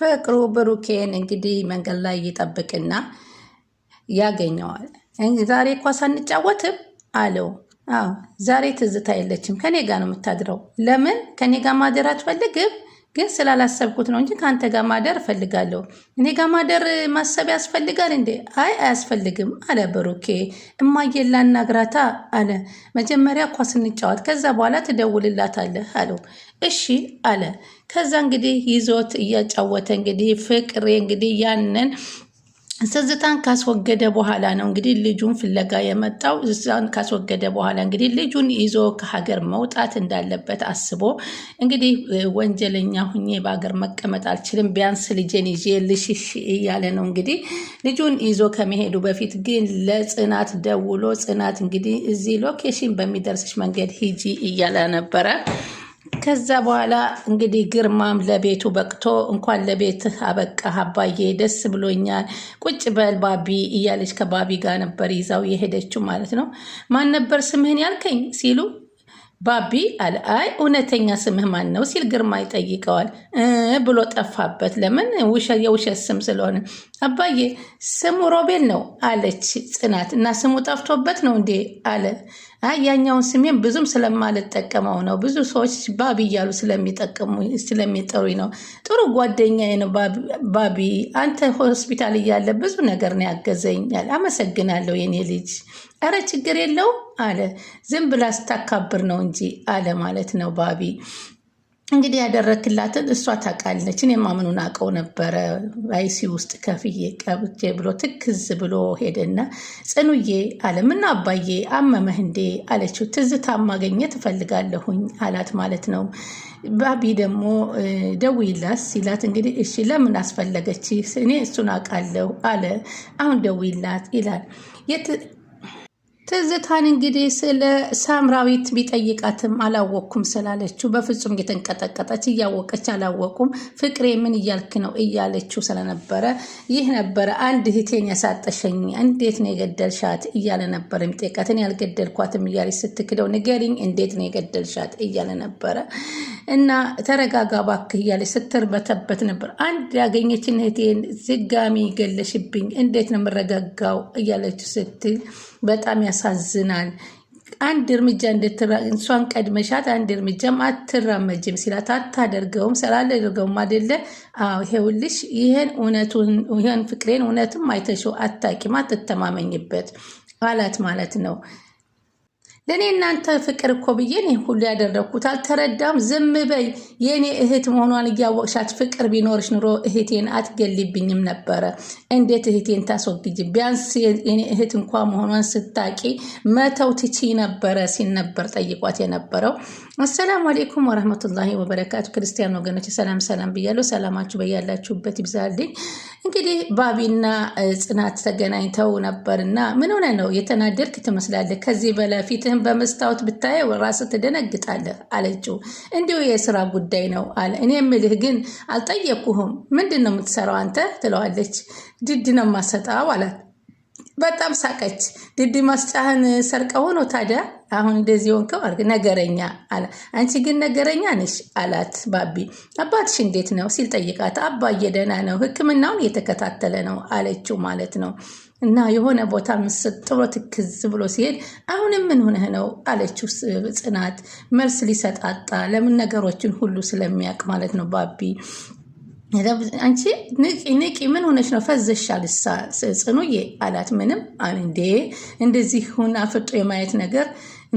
ፍቅሩ ብሩኬን እንግዲህ መንገድ ላይ ይጠብቅና ያገኘዋል። ዛሬ ኳስ አንጫወትም አለው። አዎ ዛሬ ትዝታ የለችም፣ ከኔ ጋር ነው የምታድረው። ለምን ከኔ ጋር ማደር አትፈልግም? ግን ስላላሰብኩት ነው እንጂ ከአንተ ጋር ማደር እፈልጋለሁ። እኔ ጋር ማደር ማሰብ ያስፈልጋል እንዴ? አይ አያስፈልግም አለ ብሩኬ። እማዬን ላናግራታ አለ። መጀመሪያ ኳስ እንጫወት፣ ከዛ በኋላ ትደውልላታለህ አለው። እሺ አለ። ከዛ እንግዲህ ይዞት እያጫወተ እንግዲህ ፍቅሬ እንግዲህ ያንን ስዝታን ካስወገደ በኋላ ነው እንግዲህ ልጁን ፍለጋ የመጣው። ስዝታን ካስወገደ በኋላ እንግዲህ ልጁን ይዞ ከሀገር መውጣት እንዳለበት አስቦ እንግዲህ ወንጀለኛ ሁኜ በሀገር መቀመጥ አልችልም፣ ቢያንስ ልጄን ይዤ ልሽሽ እያለ ነው እንግዲህ ልጁን ይዞ ከመሄዱ በፊት ግን ለጽናት ደውሎ ጽናት እንግዲህ እዚህ ሎኬሽን በሚደርስሽ መንገድ ሂጂ እያለ ነበረ። ከዛ በኋላ እንግዲህ ግርማም ለቤቱ በቅቶ እንኳን ለቤት አበቃ አባዬ፣ ደስ ብሎኛል፣ ቁጭ በል ባቢ እያለች ከባቢ ጋር ነበር ይዛው የሄደችው ማለት ነው። ማን ነበር ስምህን ያልከኝ ሲሉ ባቢ አለ። አይ እውነተኛ ስምህ ማን ነው ሲል ግርማ ይጠይቀዋል ብሎ ጠፋበት። ለምን የውሸት ስም ስለሆነ አባዬ ስሙ ሮቤል ነው አለች ጽናት። እና ስሙ ጠፍቶበት ነው እንዴ አለ ያኛውን ስሜን ብዙም ስለማልጠቀመው ነው። ብዙ ሰዎች ባቢ እያሉ ስለሚጠሩኝ ነው። ጥሩ ጓደኛ ነው ባቢ። አንተ ሆስፒታል እያለ ብዙ ነገር ነው ያገዘኛል። አመሰግናለሁ የኔ ልጅ። እረ ችግር የለው አለ። ዝም ብላ ስታካብር ነው እንጂ አለ ማለት ነው ባቢ እንግዲህ ያደረክላትን እሷ ታውቃለች። እኔ ማምኑን አውቀው ነበረ አይሲ ውስጥ ከፍዬ ቀብቼ ብሎ ትክዝ ብሎ ሄደና ጽኑዬ አለ። ምን አባዬ አመመህ እንዴ አለችው። ትዝታ ማገኘት እፈልጋለሁኝ አላት ማለት ነው። ባቢ ደግሞ ደውይላት ሲላት እንግዲህ እሺ ለምን አስፈለገች እኔ እሱን አውቃለሁ አለ። አሁን ደዊላት ይላል ትዝታን እንግዲህ ስለ ሳምራዊት ቢጠይቃትም አላወቅኩም ስላለችው በፍጹም እየተንቀጠቀጠች እያወቀች አላወቁም ፍቅሬ ምን እያልክ ነው እያለችው ስለነበረ ይህ ነበረ አንድ እህቴን ያሳጠሸኝ እንዴት ነው የገደልሻት እያለ ነበር የሚጠይቃት ያልገደልኳትም እያለች ስትክደው ንገሪኝ እንዴት ነው የገደልሻት እያለ ነበረ እና ተረጋጋ እባክህ እያለች ስትርበተበት ነበር አንድ ያገኘችን እህቴን ዝጋሚ ገለሽብኝ እንዴት ነው የምረጋጋው እያለችው ስትል በጣም ያሳዝናል። አንድ እርምጃ እንድትራ እሷን ቀድመሻት አንድ እርምጃም አትራመጅም ሲላት አታደርገውም ስላላደርገውም አይደለ? አዎ ይሄውልሽ፣ ይህን እውነቱን ይህን ፍቅሬን እውነትም አይተሽው አታቂም፣ አትተማመኝበት አላት ማለት ነው። ለእኔ እናንተ ፍቅር እኮ ብዬ እኔ ሁሉ ያደረግኩት አልተረዳም። ዝም በይ የእኔ እህት መሆኗን እያወቅሻት ፍቅር ቢኖርሽ ኑሮ እህቴን አትገልብኝም ነበረ። እንዴት እህቴን ታስወግጅ? ቢያንስ የእኔ እህት እንኳ መሆኗን ስታቂ መተው ትቺ ነበረ ሲል ነበር ጠይቋት የነበረው። አሰላሙ አሌይኩም ወረህመቱላሂ ወበረካቱ። ክርስቲያን ወገኖች ሰላም ሰላም ብያለሁ። ሰላማችሁ በያላችሁበት ይብዛልኝ። እንግዲህ ባቢና ጽናት ተገናኝተው ነበር እና ምን ሆነ ነው የተናደድክ ትመስላለህ፣ ከዚህ በላይ ፊትህን በመስታወት ብታየው ራስህ ትደነግጣለህ አለችው። እንዲሁ የስራ ጉዳይ ነው አለ። እኔ የምልህ ግን አልጠየቅኩህም፣ ምንድን ነው የምትሰራው አንተ ትለዋለች። ድድ ነው ማሰጣው አላት። በጣም ሳቀች። ድድ ማስጫህን ሰርቀው ነው ታዲያ አሁን እንደዚህ ሆንከው አድርግ ነገረኛ አላ አንቺ ግን ነገረኛ ነሽ አላት ባቢ አባትሽ እንዴት ነው ሲል ጠይቃት አባዬ ደህና ነው ህክምናውን እየተከታተለ ነው አለችው ማለት ነው እና የሆነ ቦታ ምስጥ ጥሎ ትክዝ ብሎ ሲሄድ አሁንም ምን ሆነህ ነው አለችው ጽናት መልስ ሊሰጣጣ ለምን ነገሮችን ሁሉ ስለሚያውቅ ማለት ነው ባቢ አንቺ ንቂ ንቂ፣ ምን ሆነች ነው ፈዘሻል? ጽኑዬ አላት። ምንም አለ። እንዴ እንደዚህ ሁና አፍጦ የማየት ነገር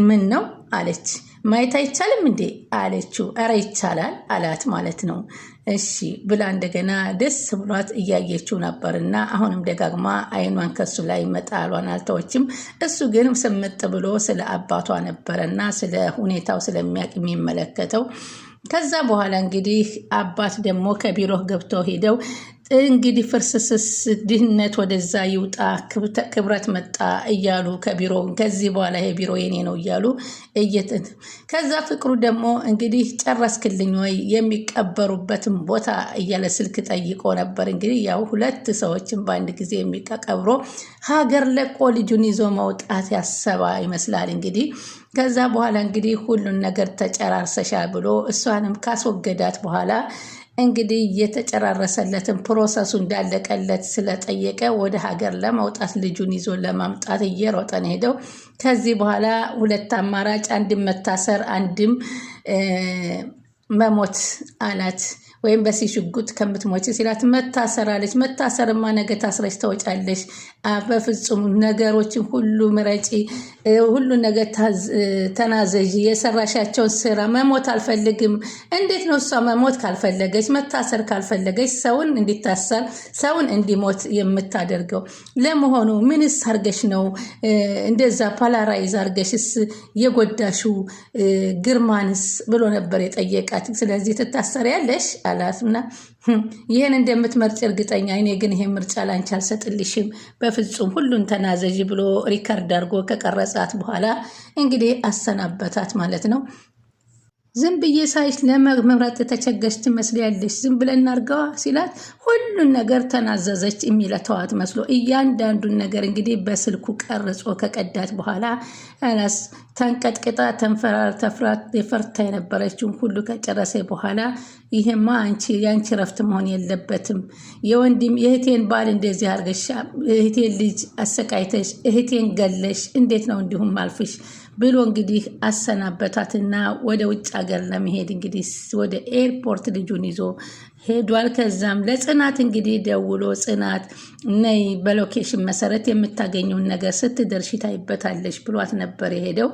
ምን ነው አለች። ማየት አይቻልም እንዴ አለችው። ኧረ ይቻላል አላት ማለት ነው። እሺ ብላ እንደገና ደስ ብሏት እያየችው ነበርና አሁንም ደጋግማ አይኗን ከሱ ላይ መጣሏን አልተወችም። እሱ ግን ስምጥ ብሎ ስለ አባቷ ነበረና ስለ ሁኔታው ስለሚያውቅ የሚመለከተው ከዛ በኋላ እንግዲህ አባት ደግሞ ከቢሮ ገብተው ሄደው እንግዲህ ፍርስስስ ድህነት ወደዛ ይውጣ ክብረት መጣ እያሉ ከቢሮ ከዚህ በኋላ ይሄ ቢሮ የኔ ነው እያሉ እየት ከዛ ፍቅሩ ደግሞ እንግዲህ ጨረስክልኝ ወይ የሚቀበሩበትን ቦታ እያለ ስልክ ጠይቆ ነበር። እንግዲህ ያው ሁለት ሰዎችን በአንድ ጊዜ የሚቀብሮ ሀገር ለቆ ልጁን ይዞ መውጣት ያሰባ ይመስላል እንግዲህ ከዛ በኋላ እንግዲህ ሁሉን ነገር ተጨራርሰሻል ብሎ እሷንም ካስወገዳት በኋላ እንግዲህ የተጨራረሰለትን ፕሮሰሱ እንዳለቀለት ስለጠየቀ ወደ ሀገር ለመውጣት ልጁን ይዞ ለማምጣት እየሮጠን ሄደው ከዚህ በኋላ ሁለት አማራጭ አንድም መታሰር አንድም መሞት አላት። ወይም በሲ ሽጉጥ ከምትሞች ሲላት መታሰራለች። መታሰርማ ነገ ታስረች ተወጫለች። በፍጹም ነገሮችን ሁሉ ምረጪ፣ ሁሉ ነገ ተናዘዥ። የሰራሻቸውን ስራ መሞት አልፈልግም። እንዴት ነው እሷ መሞት ካልፈለገች መታሰር ካልፈለገች ሰውን እንዲታሰር ሰውን እንዲሞት የምታደርገው? ለመሆኑ ምንስ አርገሽ ነው እንደዛ ፓላራይዝ አርገሽስ የጎዳሹ ግርማንስ ብሎ ነበር የጠየቃት። ስለዚህ ትታሰሪያለሽ አላትምና ይህን እንደምትመርጭ እርግጠኛ፣ እኔ ግን ይሄን ምርጫ ላንቺ አልሰጥልሽም በፍጹም ሁሉን ተናዘዥ ብሎ ሪከርድ አድርጎ ከቀረጻት በኋላ እንግዲህ አሰናበታት ማለት ነው። ዝም ብዬ ሳይሽ ለመምረጥ የተቸገች ትመስላለች፣ ዝም ብለን እናርገዋ ሲላት ሁሉን ነገር ተናዘዘች የሚለተዋት መስሎ እያንዳንዱን ነገር እንግዲህ በስልኩ ቀርጾ ከቀዳት በኋላ አላስ ተንቀጥቅጣ ተንፈራር ተፍራት የፈርታ የነበረችውን ሁሉ ከጨረሰ በኋላ ይህማ አንቺ የአንቺ ረፍት መሆን የለበትም። የወንድም የእህቴን ባል እንደዚህ አርገሻ፣ እህቴን ልጅ አሰቃይተሽ፣ እህቴን ገለሽ፣ እንዴት ነው እንዲሁም አልፍሽ ብሎ እንግዲህ አሰናበታትና ወደ ውጭ ሀገር ለመሄድ እንግዲህ ወደ ኤርፖርት ልጁን ይዞ ሄዷል። ከዛም ለጽናት እንግዲህ ደውሎ ጽናት ነይ በሎኬሽን መሰረት የምታገኘውን ነገር ስትደርሽ ታይበታለች ብሏት ነበር የሄደው።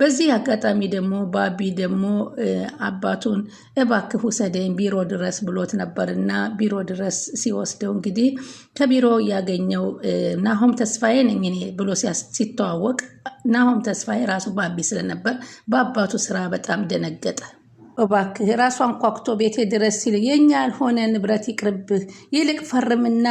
በዚህ አጋጣሚ ደግሞ ባቢ ደግሞ አባቱን እባክህ ውሰደኝ ቢሮ ድረስ ብሎት ነበር እና ቢሮ ድረስ ሲወስደው እንግዲህ ከቢሮ ያገኘው ናሆም ተስፋዬ ነኝ እኔ ብሎ ሲተዋወቅ ናሆም ተስፋዬ ራሱ ባቢ ስለነበር በአባቱ ስራ በጣም ደነገጠ። እባክህ ራሷን ኳኩቶ ቤቴ ድረስ ሲል የእኛ ያልሆነ ንብረት ይቅርብህ፣ ይልቅ ፈርምና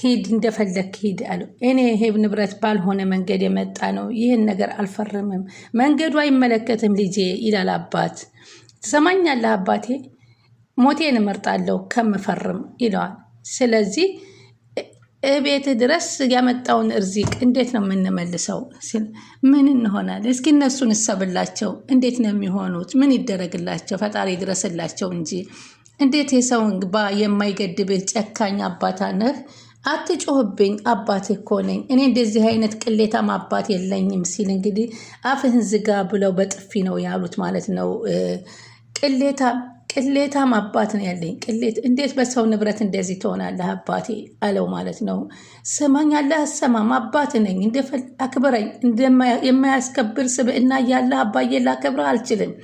ሂድ፣ እንደፈለክ ሂድ አለው። እኔ ይሄ ንብረት ባልሆነ መንገድ የመጣ ነው፣ ይህን ነገር አልፈርምም፣ መንገዱ አይመለከትም ልጄ ይላል አባት። ትሰማኛለህ አባቴ፣ ሞቴን እመርጣለሁ ከምፈርም ይለዋል። ስለዚህ እቤት ድረስ ያመጣውን እርዚቅ እንዴት ነው የምንመልሰው? ሲል ምን እንሆናል? እስኪ እነሱን እሰብላቸው እንዴት ነው የሚሆኑት? ምን ይደረግላቸው? ፈጣሪ ድረስላቸው እንጂ እንዴት የሰውን ግባ የማይገድብህ ጨካኝ አባታ ነህ? አትጮህብኝ፣ አባት እኮ ነኝ እኔ። እንደዚህ አይነት ቅሌታም አባት የለኝም ሲል እንግዲህ አፍህን ዝጋ ብለው በጥፊ ነው ያሉት ማለት ነው ቅሌታም ቅሌታም አባት ነው ያለኝ። ቅሌት እንዴት በሰው ንብረት እንደዚህ ትሆናለህ አባቴ አለው ማለት ነው። ስማኝ ያለ አሰማም አባት ነኝ፣ አክብረኝ። የማያስከብር ስብዕና ያለ አባዬ ላከብረ አልችልም።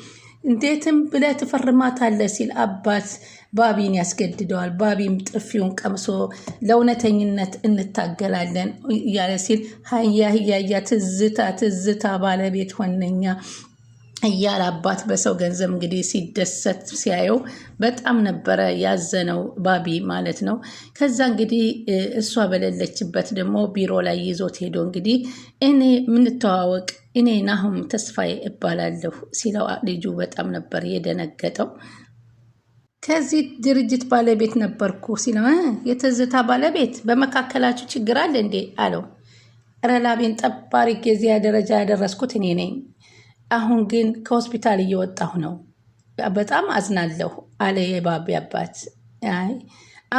እንዴትም ብለ ትፈርማታለህ ሲል አባት ባቢን ያስገድደዋል። ባቢም ጥፊውን ቀምሶ ለእውነተኝነት እንታገላለን እያለ ሲል ሀያ ህያያ ትዝታ ትዝታ ባለቤት ሆነኛ እያለ አባት በሰው ገንዘብ እንግዲህ ሲደሰት ሲያየው በጣም ነበረ ያዘነው ባቢ ማለት ነው። ከዛ እንግዲህ እሷ በሌለችበት ደግሞ ቢሮ ላይ ይዞት ሄዶ እንግዲህ እኔ ምንተዋወቅ እኔ ናሁም ተስፋዬ እባላለሁ ሲለው ልጁ በጣም ነበር የደነገጠው። ከዚህ ድርጅት ባለቤት ነበርኩ ሲለው የትዝታ ባለቤት በመካከላችሁ ችግር አለ እንዴ አለው። ረላቤን ጠባሪ ጊዜያ ደረጃ ያደረስኩት እኔ ነኝ አሁን ግን ከሆስፒታል እየወጣሁ ነው። በጣም አዝናለሁ አለ የባቢ አባት። አይ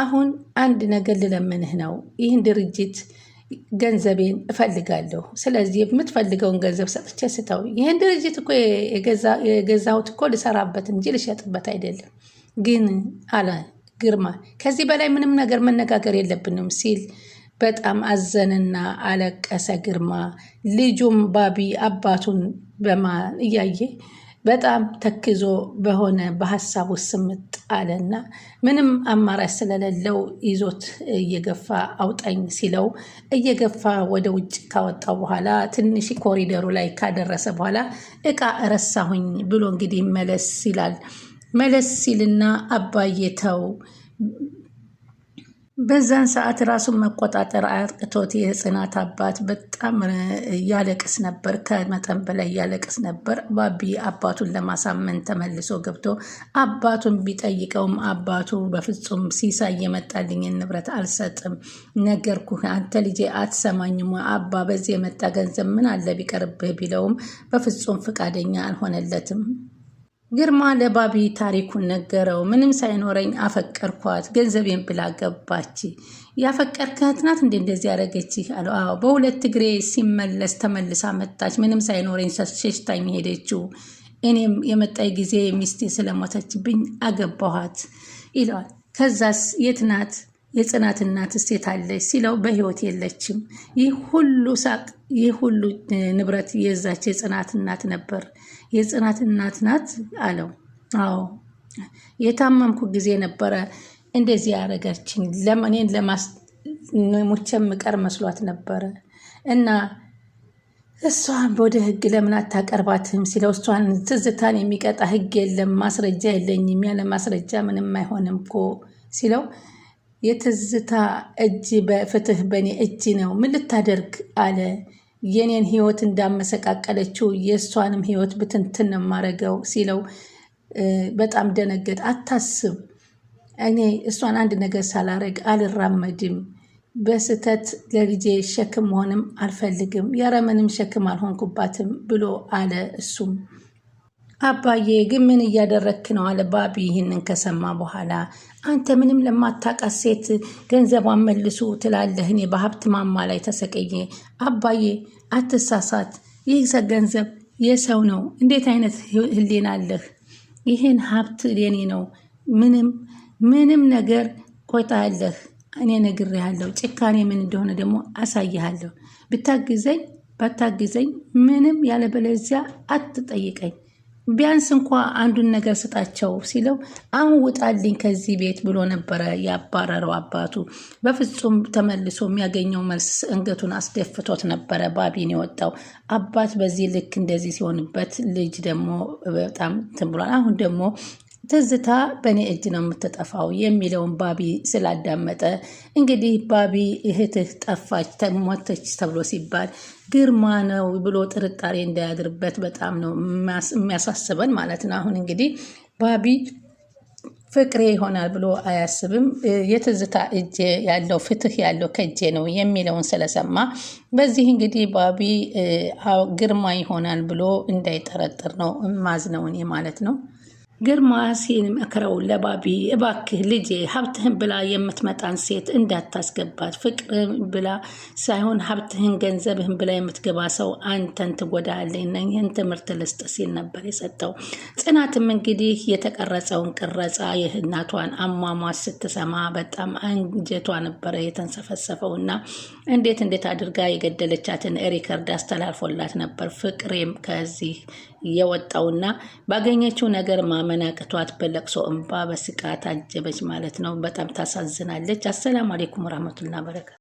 አሁን አንድ ነገር ልለምንህ ነው። ይህን ድርጅት ገንዘቤን እፈልጋለሁ። ስለዚህ የምትፈልገውን ገንዘብ ሰጥቼ ስተው ይህን ድርጅት እኮ የገዛሁት እኮ ልሰራበት እንጂ ልሸጥበት አይደለም። ግን አለ ግርማ፣ ከዚህ በላይ ምንም ነገር መነጋገር የለብንም ሲል በጣም አዘንና አለቀሰ ግርማ። ልጁም ባቢ አባቱን እያየ በጣም ተክዞ በሆነ በሀሳቡ ስምጥ አለና ምንም አማራጭ ስለሌለው ይዞት እየገፋ አውጣኝ ሲለው እየገፋ ወደ ውጭ ካወጣው በኋላ ትንሽ ኮሪደሩ ላይ ካደረሰ በኋላ እቃ ረሳሁኝ ብሎ እንግዲህ መለስ ይላል። መለስ ሲልና አባዬ ተው በዛን ሰዓት ራሱን መቆጣጠር አቅቶት የጽናት አባት በጣም ያለቅስ ነበር። ከመጠን በላይ ያለቅስ ነበር። ባቢ አባቱን ለማሳመን ተመልሶ ገብቶ አባቱን ቢጠይቀውም አባቱ በፍጹም ሲሳይ የመጣልኝን ንብረት አልሰጥም፣ ነገርኩህ፣ አንተ ልጄ አትሰማኝም፣ አባ በዚህ የመጣ ገንዘብ ምን አለ ቢቀርብህ ቢለውም በፍጹም ፈቃደኛ አልሆነለትም። ግርማ ለባቢ ታሪኩን ነገረው። ምንም ሳይኖረኝ አፈቀርኳት፣ ገንዘቤን ብላ ገባች። ያፈቀርካት ናት እንዴ እንደዚህ ያደረገች አለው። አዎ፣ በሁለት እግሬ ሲመለስ ተመልሳ መጣች። ምንም ሳይኖረኝ ሸሽታኝ ሄደችው። እኔም የመጣይ ጊዜ ሚስቴ ስለሞተችብኝ አገባኋት ይለዋል። ከዛስ የት ናት? የጽናት እናት እሴት አለች ሲለው በህይወት የለችም። ይህ ሁሉ ሳቅ፣ ይህ ሁሉ ንብረት የዛች የጽናት እናት ነበር። የጽናት እናት ናት አለው። አዎ የታመምኩ ጊዜ ነበረ እንደዚህ ያደረገችኝ። እኔን ሙቼ የምቀር መስሏት ነበረ እና እሷን ወደ ህግ ለምን አታቀርባትም ሲለው እሷን ትዝታን የሚቀጣ ህግ የለም፣ ማስረጃ የለኝም፣ ያለ ማስረጃ ምንም አይሆንም እኮ ሲለው የትዝታ እጅ በፍትህ በእኔ እጅ ነው፣ ምን ልታደርግ አለ። የኔን ህይወት እንዳመሰቃቀለችው የእሷንም ህይወት ብትንትን ማረገው ሲለው በጣም ደነገጥ። አታስብ፣ እኔ እሷን አንድ ነገር ሳላረግ አልራመድም። በስህተት ለልጄ ሸክም መሆንም አልፈልግም፣ የረመንም ሸክም አልሆንኩባትም ብሎ አለ። እሱም አባዬ ግን ምን እያደረክ ነው አለ ባቢ ይህንን ከሰማ በኋላ አንተ ምንም ለማታውቃት ሴት ገንዘቧን መልሱ ትላለህ። እኔ በሀብት ማማ ላይ ተሰቀየ። አባዬ አትሳሳት፣ ይህ ገንዘብ የሰው ነው። እንዴት አይነት ሕሊና አለህ? ይህን ሀብት የኔ ነው። ምንም ምንም ነገር ቆጣለህ። እኔ ነግሬሃለሁ። ጭካኔ ምን እንደሆነ ደግሞ አሳይሃለሁ። ብታግዘኝ ባታግዘኝ ምንም ያለበለዚያ አትጠይቀኝ። ቢያንስ እንኳ አንዱን ነገር ስጣቸው ሲለው አሁን ውጣልኝ ከዚህ ቤት ብሎ ነበረ ያባረረው አባቱ። በፍጹም ተመልሶ የሚያገኘው መልስ እንገቱን አስደፍቶት ነበረ ባቢን የወጣው። አባት በዚህ ልክ እንደዚህ ሲሆንበት ልጅ ደግሞ በጣም ትብሏል። አሁን ደግሞ ትዝታ በእኔ እጅ ነው የምትጠፋው የሚለውን ባቢ ስላዳመጠ እንግዲህ ባቢ እህትህ ጠፋች ሞተች ተብሎ ሲባል ግርማ ነው ብሎ ጥርጣሬ እንዳያድርበት በጣም ነው የሚያሳስበን ማለት ነው። አሁን እንግዲህ ባቢ ፍቅሬ ይሆናል ብሎ አያስብም። የትዝታ እጅ ያለው ፍትህ ያለው ከእጄ ነው የሚለውን ስለሰማ በዚህ እንግዲህ ባቢ ግርማ ይሆናል ብሎ እንዳይጠረጥር ነው ማዝነውን ማለት ነው። ግርማ ሲን መክረው ለባቢ እባክህ ልጄ ሀብትህን ብላ የምትመጣን ሴት እንዳታስገባት፣ ፍቅር ብላ ሳይሆን ሀብትህን ገንዘብህን ብላ የምትገባ ሰው አንተን ትጎዳለህ፣ ይህን ትምህርት ልስጥ ሲል ነበር የሰጠው። ጽናትም እንግዲህ የተቀረጸውን ቅረጻ የእናቷን አሟሟት ስትሰማ በጣም አንጀቷ ነበረ የተንሰፈሰፈው እና እንዴት እንዴት አድርጋ የገደለቻትን ሪከርድ አስተላልፎላት ነበር። ፍቅሬም ከዚህ የወጣውና ባገኘችው ነገር ማመን አቅቷት በለቅሶ እንባ በስቃት አጀበች ማለት ነው። በጣም ታሳዝናለች። አሰላሙ አሌይኩም ወራህመቱላ በረካቱ